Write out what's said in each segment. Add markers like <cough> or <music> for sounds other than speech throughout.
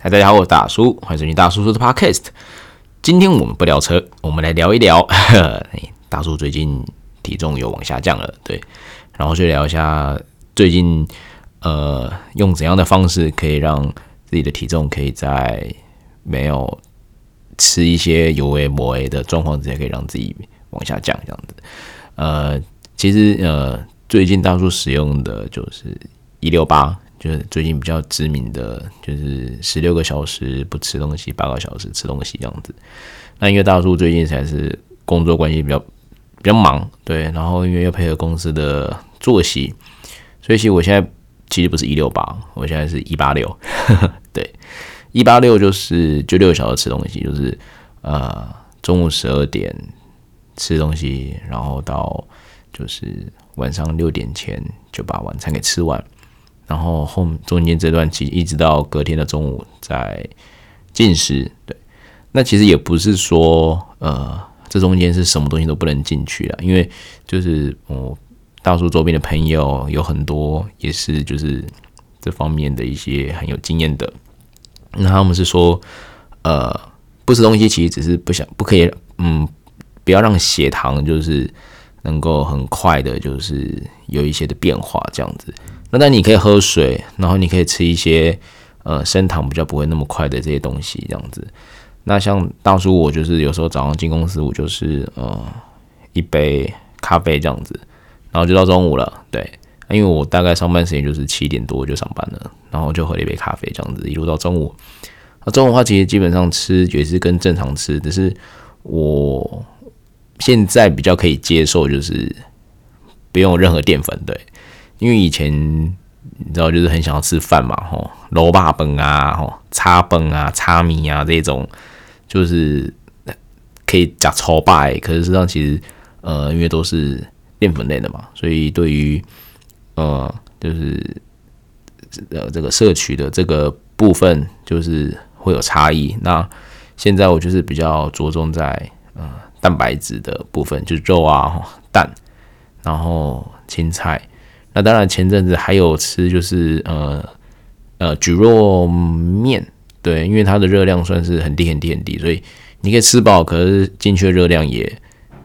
嗨，大家好，我是大叔，歡迎收聽大叔叔的 Podcast。今天我們不聊車，我們來聊一聊 <laughs> 大叔最近體重有往下降了，對，然後去聊一下最近呃，用怎樣的方式可以讓自己的體重可以在沒有吃一些油、u 抹 a 的狀況之下，可以讓自己往下降這樣子。呃，其實呃，最近大叔使用的就是。一六八就是最近比較知名的，就是十六個小時不吃東西，八個小時吃東西這樣子。那因為大叔最近才是工作關係比較比較忙，對，然後因為要配合公司的作息，所以其實我現在其實不是一六八，我現在是一八六。對，一八六就是就六個小時吃東西，就是呃中午，十二點吃東西，然後到就是晚上六點前就把晚餐給吃完。然後後中間這段期一直到隔天的中午在進食。對，那其實也不是說呃這中間是什麼東西都不能進去啊，因為就是我大叔周邊的朋友有很多也是就是這方面的一些很有經驗的，那他們是說呃不吃東西其實只是不想不可以嗯不要讓血糖就是。能夠很快的，就是有一些的變化這樣子。那那你可以喝水，然後你可以吃一些呃升糖比較不會那麼快的這些東西這樣子。那像當初我就是有時候早上進公司，我就是呃一杯咖啡這樣子，然後就到中午了。對，因為我大概上班時間就是七點多就上班了，然後就喝了一杯咖啡這樣子，一路到中午。那中午的話，其實基本上吃也是跟正常吃，只是我。現在比較可以接受，就是不用任何澱粉，對，因為以前你知道，就是很想要吃飯嘛，吼，滷肉飯啊，吼，炒飯啊，炒麵啊，這種就是可以呷粗飽，可是，實際上其實，呃，因為都是澱粉類的嘛，所以對於呃，就是呃這個攝取的這個部分，就是會有差異。那現在我就是比較着重在，嗯、呃。蛋白質的部分就是肉啊、蛋，然後青菜。那當然前陣子還有吃就是呃呃，蒟蒻麵。對，因為它的熱量算是很低很低很低，所以你可以吃飽，可是進去的熱量也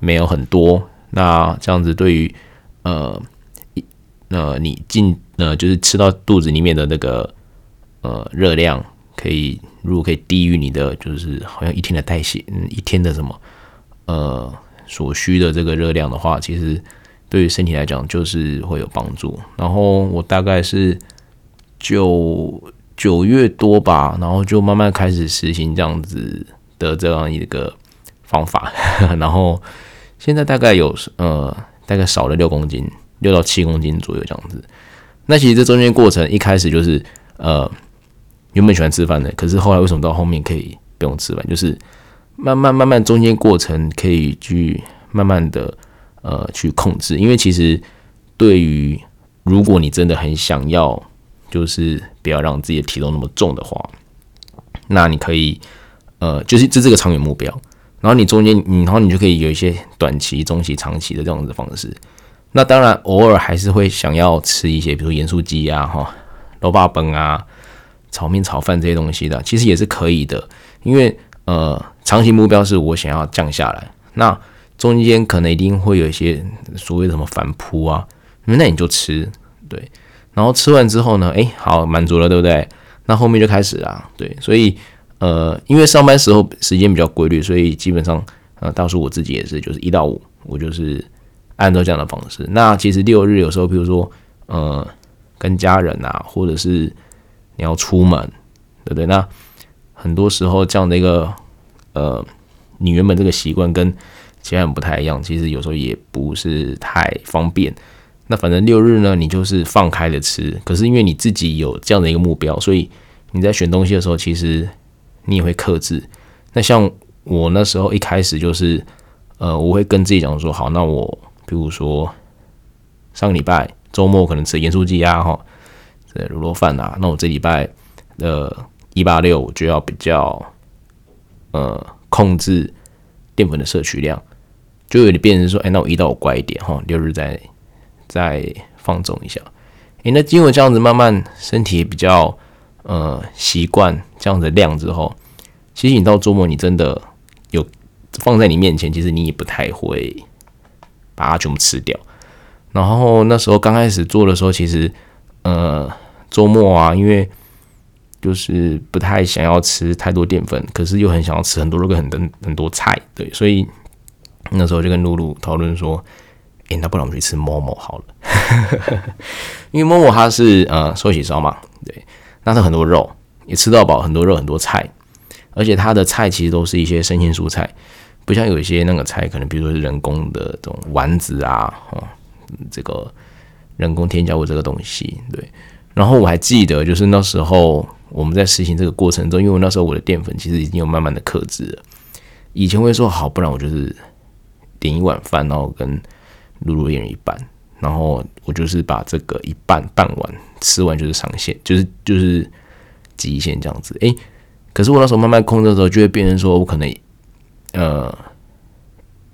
沒有很多。那這樣子對於呃一呃，你進呃就是吃到肚子裡面的那個呃熱量，可以如果可以低於你的就是好像一天的代謝，嗯，一天的什麼？呃，所需的這個熱量的話，其實對於身體來講就是會有幫助。然後我大概是九，九月多吧，然後就慢慢開始實行這樣子的這樣一個方法。 <laughs> 然後現在大概有呃，大概少了六公斤，六到七公斤左右這樣子。那其實這中間過程一開始就是呃，原本喜歡吃飯的，可是後來為什麼到後面可以不用吃飯？就是。慢慢慢慢，中間過程可以去慢慢的呃去控制，因為其實對於如果你真的很想要，就是不要讓自己的體重那麼重的話，那你可以呃就是這這個長遠目標，然後你中間你然後你就可以有一些短期、中期、長期的這樣子的方式。那當然偶爾還是會想要吃一些，比如鹽酥雞啊、哈肉霸崩啊、炒麵、炒飯這些東西的，其實也是可以的，因為。呃，長期目標是我想要降下來，那中間可能一定會有一些所謂什麼反撲啊，那你就吃，對，然後吃完之後呢，哎、欸，好滿足了，對不對？那後面就開始啦，對，所以呃，因為上班時候時間比較規律，所以基本上呃，到時候我自己也是，就是一到五，我就是按照這樣的方式。那其實六日有時候，比如說呃，跟家人啊，或者是你要出門，對不對？那很多時候這樣的一個呃，你原本這個習慣跟其他人不太一樣，其實有時候也不是太方便。那反正六日呢，你就是放開了吃。可是因為你自己有這樣的一個目標，所以你在選東西的時候，其實你也會克制。那像我那時候一開始就是呃，我會跟自己講說，好，那我比如說上個禮拜週末可能吃鹽酥雞啊，哈，這滷肉飯啊，那我這禮拜的呃，一八六，就要比較，呃，控制澱粉的攝取量，就有點變成說，哎、欸，那我一到我乖一點哈，六日再再放縱一下，誒、欸，那經過這樣子，慢慢身體也比較呃習慣這樣的量之後，其實你到周末，你真的有放在你面前，其實你也不太會把它全部吃掉。然後那時候剛開始做的時候，其實呃周末啊，因為就是不太想要吃太多澱粉，可是又很想要吃很多肉跟很很多菜，對，所以那時候就跟露露討論說，哎、欸，那不然我們去吃 momo 好了， <laughs> 因為 momo 他是呃壽喜燒嘛，對，那是很多肉，你吃到飽，很多肉很多菜，而且它的菜其實都是一些生鮮蔬菜，不像有一些那個菜可能比如說是人工的這種丸子啊，哦、嗯，這個人工添加過這個東西，對，然後我還記得就是那時候。我們在實行這個過程中，因為我那時候我的澱粉其實已經有慢慢的克制了。以前我會說好，不然我就是點一碗飯，然後跟露露一人一半，然後我就是把這個一半半碗吃完就是上限，就是就是極限這樣子。哎，可是我那時候慢慢控制的時候，就會變成說我可能呃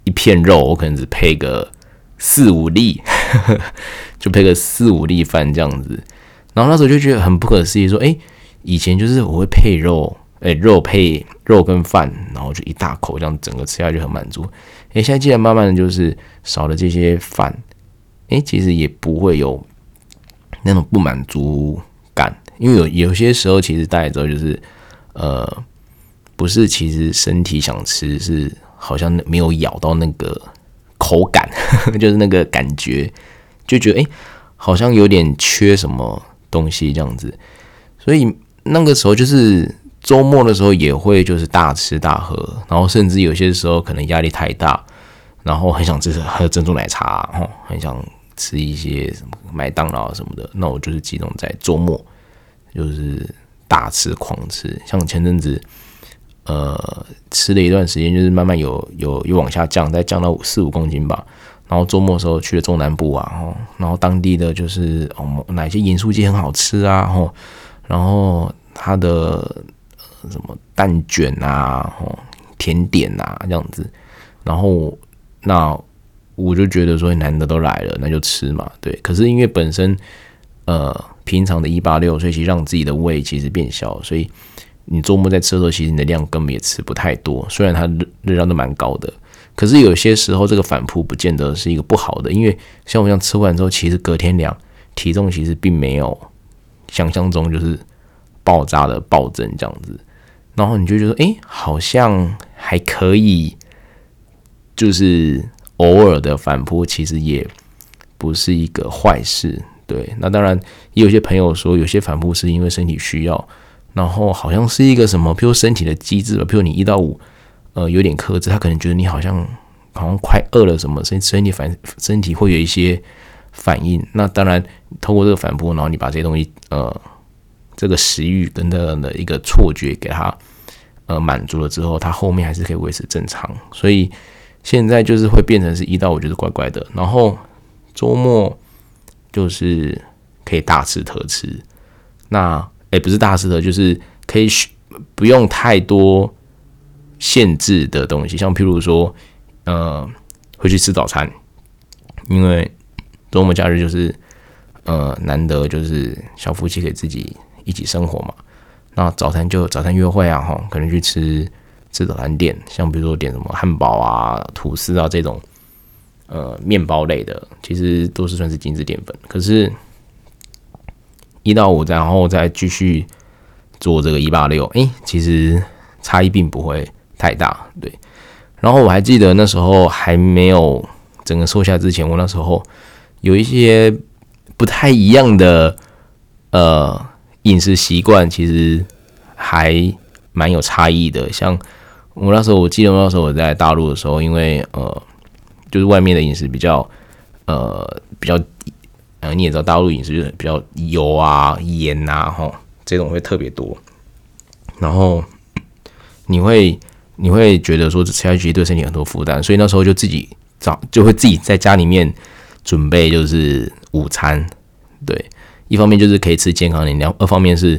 一片肉，我可能只配個四五粒， <laughs> 就配個四五粒飯這樣子。然後那時候就覺得很不可思議說，說哎。以前就是我會配肉，哎、欸，肉配肉跟飯，然後就一大口這樣，整個吃下去就很滿足。哎、欸，現在竟然慢慢的，就是少了這些飯，哎、欸，其實也不會有那種不滿足感，因為有有些時候其實帶着就是，呃，不是，其實身體想吃，是好像沒有咬到那個口感， <laughs> 就是那個感覺，就覺得哎、欸，好像有點缺什麼東西這樣子，所以。那個時候就是周末的時候也會就是大吃大喝，然後甚至有些時候可能壓力太大，然後很想吃喝珍珠奶茶，啊，很想吃一些什麼麥當勞什麼的。那我就是集中在周末，就是大吃狂吃。像前陣子，呃，吃了一段時間，就是慢慢有有有往下降，再降到四五公斤吧。然後周末的時候去了中南部啊，然後當地的就是哦，哪些鹽酥雞很好吃啊，然後他的什麼蛋捲啊，哦，甜點啊這樣子，然後那我就覺得說難得都來了，那就吃嘛，對。可是因為本身呃，平常的一六八，所以其實讓自己的胃其實變小，所以你周末在吃的時候，其實你的量根本也吃不太多。雖然它熱量都蠻高的，可是有些時候這個反撲不見得是一個不好的，因為像我這樣吃完之後，其實隔天量體重其實並沒有。想象中就是爆炸的暴增這樣子，然後你就覺得，哎，好像還可以，就是偶爾的反撲其實也不是一個壞事，對。那當然也有些朋友說，有些反撲是因為身體需要，然後好像是一個什麼，比如身體的機制吧，比如你一到五呃有點克制，他可能覺得你好像好像快餓了什麼，身所以你反身體會有一些。反應。那當然，透過這個反撲，然後你把這些東西呃，這個食欲等等的一個錯覺給它呃滿足了之後，它後面還是可以維持正常。所以現在就是會變成是一到五就是乖乖的，然後周末就是可以大吃特吃。那也、欸，不是大吃特，就是可以不用太多限制的東西，像譬如說呃，回去吃早餐，因為。週末假日就是，呃，難得就是小夫妻可以自己一起生活嘛。那早餐就早餐約會啊，吼可能去吃吃早餐店，像比如說點什麼漢堡啊、吐司啊這種，呃，麵包類的，其實都是算是精緻澱粉。可是一到五，然後再繼續做這個一八六，誒，其實差異並不會太大，對。然後我還記得那時候還沒有整個瘦下之前，我那時候。有一些不太一樣的呃飲食習慣，其實還蠻有差異的。像我那時候，我記得我那時候我在大陸的時候，因為呃，就是外面的飲食比較呃比較，呃，你也知道大陸飲食就比較油啊、鹽啊，吼這種會特別多。然後你會你會覺得說吃下去對身體很多負擔，所以那時候就自己找就會自己在家裡面。準備就是午餐，對，一方面就是可以吃健康一點，二方面是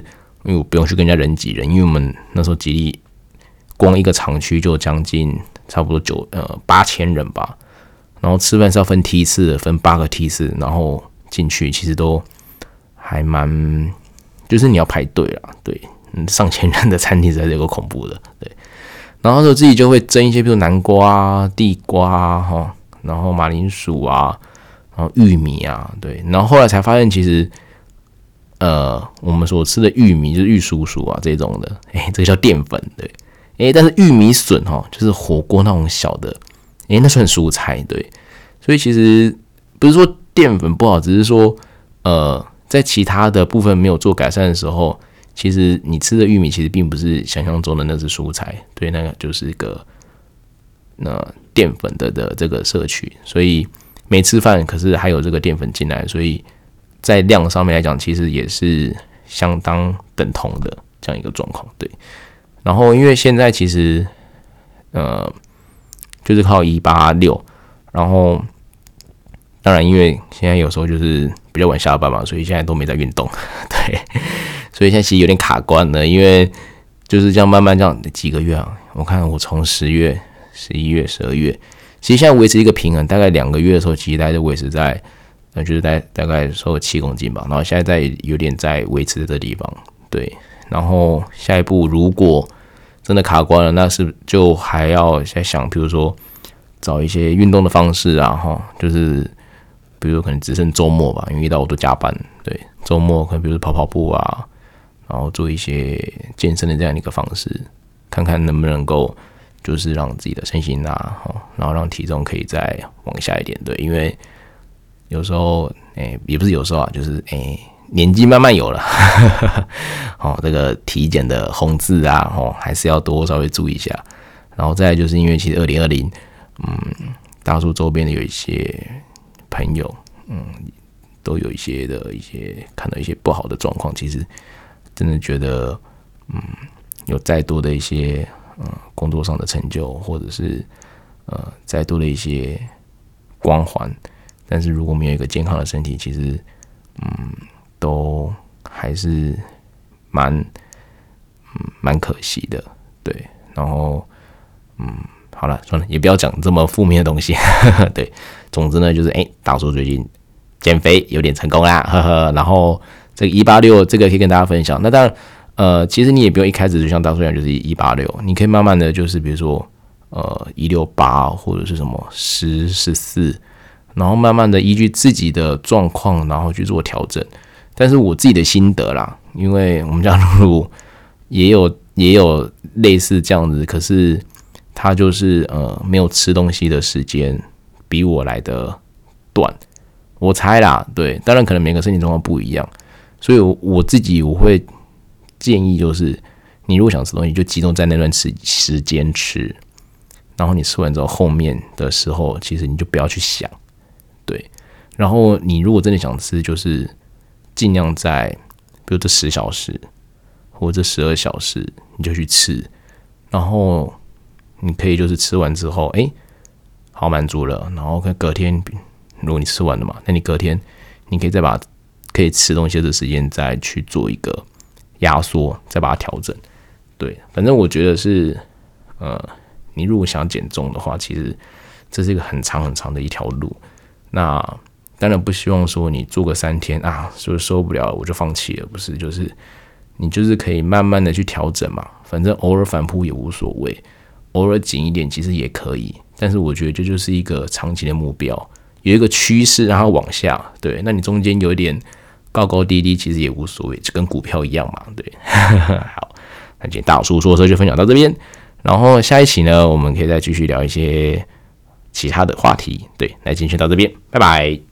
因為我不用去跟人家人擠人，因為我們那時候吉利光一個廠區就將近差不多九呃八千人吧，然後吃飯是要分梯次，分八個梯次，然後進去其實都還蠻，就是你要排隊啦，對，上千人的餐廳才是有個恐怖的，對，然後我自己就會蒸一些，比如南瓜、地瓜啊，然後馬鈴薯啊。然後玉米啊，對，然後後來才發現，其實，呃，我們所吃的玉米就是玉蜀黍啊這種的，哎，這個叫澱粉，對，哎，但是玉米筍哈、哦，就是火鍋那種小的，哎，那算是很蔬菜，對，所以其實不是說澱粉不好，只是說，呃，在其他的部分沒有做改善的時候，其實你吃的玉米其實並不是想象中的那是蔬菜，對，那個就是一個那澱粉的的這個攝取，所以。沒吃飯，可是還有這個澱粉進來，所以在量上面來講，其實也是相當等同的這樣一個狀況。對，然後因為現在其實，呃，就是靠一六八，然後當然因為現在有時候就是比較晚下班嘛，所以現在都沒在運動，對，所以現在其實有點卡關了，因為就是這樣慢慢這樣幾個月啊，我看我從十月、十一月、十二月。其實現在維持一個平衡，大概兩個月的時候，其實大概就維持在，那就是在大概瘦了七公斤吧。然後現在在有點在維持在這地方，對。然後下一步如果真的卡關了，那是就還要再想，比如說找一些運動的方式啊，哈，就是比如可能只剩週末吧，因為一到五都加班，對，週末可能比如跑跑步啊，然後做一些健身的這樣一個方式，看看能不能夠。就是讓自己的身心吶、啊、哈、哦，然後讓體重可以再往下一點，對，因為有時候，誒、欸，也不是有時候啊，就是誒、欸，年紀慢慢有了， <laughs> 哦，這個體檢的紅字啊，哦，還是要多稍微注意一下。然後再就是，因為其實二零二零，嗯，大叔周邊的有一些朋友，嗯，都有一些的一些看到一些不好的狀況，其實真的覺得，嗯，有再多的一些。嗯，工作上的成就，或者是呃，再多的一些光環，但是如果沒有一個健康的身體，其實嗯，都還是蠻嗯蠻可惜的，對。然後嗯，好了，算了，也不要講這麼負面的東西呵呵，對。總之呢，就是哎，大叔最近減肥有點成功啦，呵呵。然後這個一八六，這個可以跟大家分享。那當然。呃，其實你也不用一開始就像大叔一樣，就是一,一八六，你可以慢慢的，就是比如說，呃，一六八或者是什麼十十四，然後慢慢的依據自己的狀況，然後去做調整。但是我自己的心得啦，因為我們家露露也有也有類似這樣子，可是她就是呃沒有吃東西的時間比我來的短。我猜啦，對，當然可能每個身體狀況不一樣，所以我，我自己我會。建議就是，你如果想吃東西，就集中在那段時時間吃。然後你吃完之後，後面的時候其實你就不要去想，對。然後你如果真的想吃，就是盡量在，比如這十小時或者這十二小時，你就去吃。然後你可以就是吃完之後，哎、欸，好滿足了。然後看隔天，如果你吃完了嘛，那你隔天你可以再把可以吃東西的時間再去做一個。壓縮，再把它調整。對，反正我覺得是，呃，你如果想要減重的話，其實這是一個很長很長的一條路。那當然不希望說你做個三天啊，就受不了了，我就放棄了，不是？就是你就是可以慢慢的去調整嘛，反正偶爾反撲也無所謂，偶爾緊一點其實也可以。但是我覺得這就是一個長期的目標，有一個趨勢然後往下。對，那你中間有一點。高高低低其實也無所謂，就跟股票一樣嘛，對。 <laughs> 好，那今天大叔說車就分享到這邊，然後下一期呢，我們可以再繼續聊一些其他的話題，對，來今天就到這邊，拜拜。